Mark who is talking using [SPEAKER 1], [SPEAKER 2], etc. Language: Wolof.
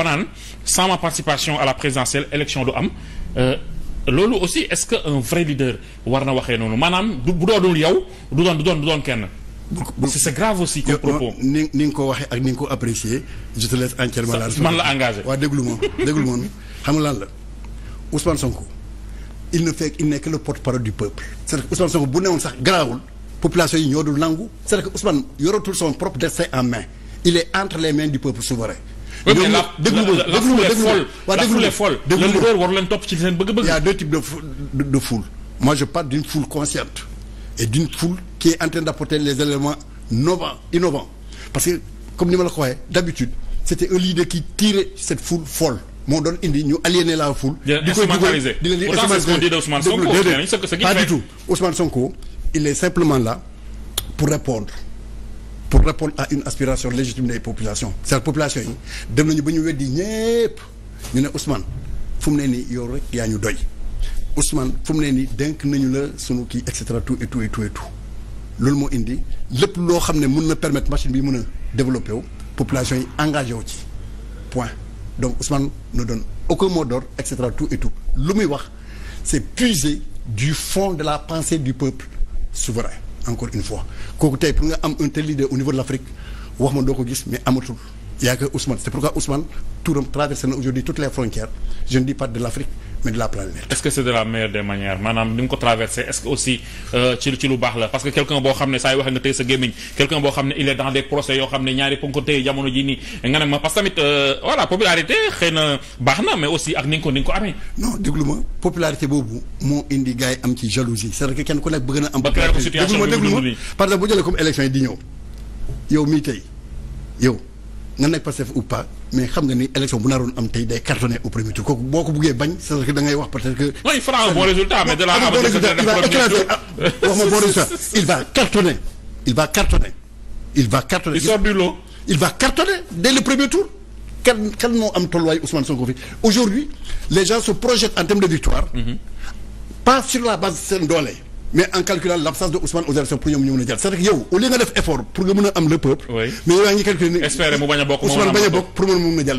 [SPEAKER 1] banaan sans ma participation à la présidentielle élection du am euh, loolu aussi est-ce que un vrai leader war na waxee noonu maanaam du bu doonul yow du doon du doon du doon kenn
[SPEAKER 2] c'est grave aussi ni ni nga ko waxee ak ni nga ko apprécier je te laisse entièrement la man la engagé waaw déglu moom déglu moom xam nga lan la Ousmane Sonko il ne fait il n'est que le porte-parole du peuple c'est-à-dire Sonko bu newoon sax garaawul population yi ñoo dul nangu c'est-à-dire yoratul son propre en main il est entre les mains du peuple déglu ma déglu ma déglu ma la foule est folle la leader war leen topp ci seen bëgg-bëgg. il y a deux types de de foule. moi je parle d'une foule consciente et d'une foule qui est en train d'apporter les éléments novants innovants parce que comme ni ma la ko waxee d'habitude c'était un leader qui tirait cette foule folle. moo doon indi ñu aliéné la foule. di ko instrumentaliser di leen di instrumentaliser Ousmane Sonko. pas du tout Ousmane Sonko il est simplement là pour répondre pour répondre à une aspiration légitime des populations c'est-à-dire population yi dem nañu ba ñu weddi ñépp ñu ne Ousmane fu mu ne nii yow rek yaa ñu doy Ousmane fu mu ne nii denk nañu la sunu kii et cetera tout et tout et tout loolu moo indi lépp loo xam ne mun na permettre machine bi mun a développé wu population yi engagé wu ci point donc Ousmane na doon aucun mot d'ordre et cetera tout et tout lu muy wax c'est puiser du fond de la pensée du peuple souverain encore une fois kooku tey pour nga am un tel leader au niveau de l'Afrique wax ma doo ko gis mais amatul y a que Ousmane c'est pourquoi Ousmane turam traversé na aujourd'hui toutes les frontières je ne dis de l'Afrique mais de la planète.
[SPEAKER 1] est-ce que c'est de la meilleure des manières maanaam ni mu ko traversé est-ce que aussi euh, ci lu baax la parce que quelqu'un boo xam ne saa yu waxee nga tey sa gémmiñ quelqu'un boo xam ne il est nii nga ne ma parce que tamit euh, voilà
[SPEAKER 2] popularité xëy na baax na mais ak ni nga ko ni nga ko amee. non déglu ma popularité boobu moo indi gars yi am ci jalousie cest à kenn ku nekk bëgg na am. ba créé déglu ma par exemple bu jëlee comme élection yi di ñëw yow mii tey nga nekk Pastef ou pas mais xam nga ni élection bu naroon am tey day cartonné au premier tour kooku boo ko buggee bañ c'est que da ngay wax peut-être que. mooy Franc bon bon résultat ah, il va cartonner il va cartonner il sort du lot. il va cartonner dès le premier tour. kan kan moo am tolluwaay Ousmane Sonko fi aujourd'hui les gens se projettent en termes de victoire. Mm-hmm. pas sur la base seen doole. mais en calculant l'absence de Ousmane aux élections pour ñoom ñu mën a jàll c'est-à-dire yow au lieu nga def effort pour nga mën a am le peuple mais yaa ngi calculer ni Ousmane bañ a bokk pour mën a mën a jàll